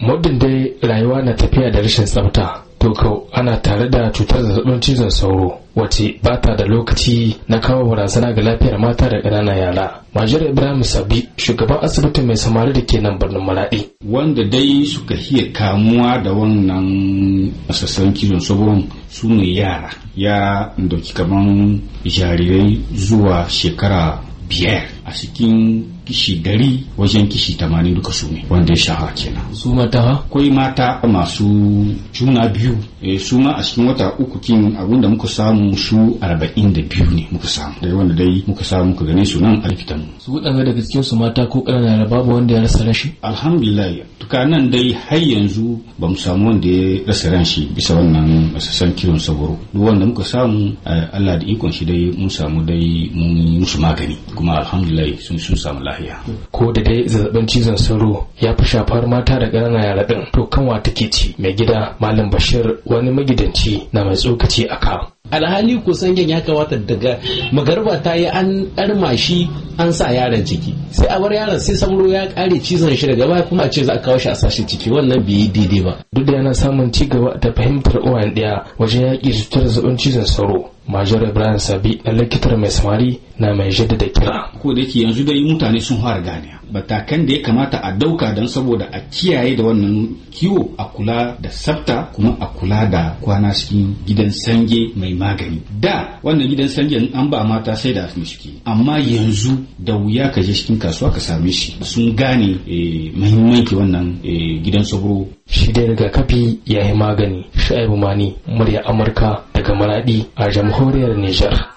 muddin dai rayuwa na tafiya da rashin tsafta to kau ana tare da cutar zazzabin cizon sauro wace ba ta da lokaci na kawo barazana ga lafiyar mata da ƙananan yara majiyar ibrahim sabi shugaban asibiti mai samari da ke nan birnin maraɗi wanda dai suka iya kamuwa da wannan sassan cizon sauro su ne yara ya dauki kaman jarirai zuwa shekara biyar a cikin kishi dari wajen kishi tamanin duka su ne wanda ya shahara kenan su mata akwai mata masu juna biyu e, su ma a cikin wata uku kin abinda muka samu su arba'in da biyu ne muka samu dai wanda dai muka samu muka gane su nan alfitan su ga daga cikin su mata ko da babu wanda ya rasa rashi alhamdulillah tukanan nan dai har yanzu ba mu samu wanda ya rasa ranshi bisa wannan sassan kiwon saboro duk wanda muka samu eh, Allah da ikon shi dai mun samu dai mun musu magani kuma alhamdulillah alhamdulillah sun su samu lahiya ko da dai zazzaɓin cizon sauro ya fi shafar mata da ƙananan yara ɗin to kanwa take ci mai gida malam bashir wani magidanci na mai tsokaci a ka alhali kusan yan ya kamata daga magarba ta yi an ɗarma shi an sa yaron ciki sai a bar yaron sai sauro ya ƙare cizon shi daga baya kuma a ce za a kawo shi a sashi ciki wannan bai yi daidai ba duk da yana samun ci gaba da fahimtar uwan ɗaya wajen yaƙi cutar zazzaɓin cizon sauro major ibrahim sabi na likitar mai samari na mai jaddada kira ko da yake yanzu dai mutane sun fara gane batakan da ya kamata a dauka don saboda a kiyaye da wannan kiwo a kula da sabta kuma a kula da kwana cikin gidan sange mai magani da wannan gidan sange an ba mata sai da asmi shi amma yanzu da wuya ka je cikin kasuwa ka same shi sun gane eh, mahimmanci wannan eh, gidan sabro shi dai rigakafi ya yi magani shu'aibu mani murya amurka daga maradi a jamhuriyar nijar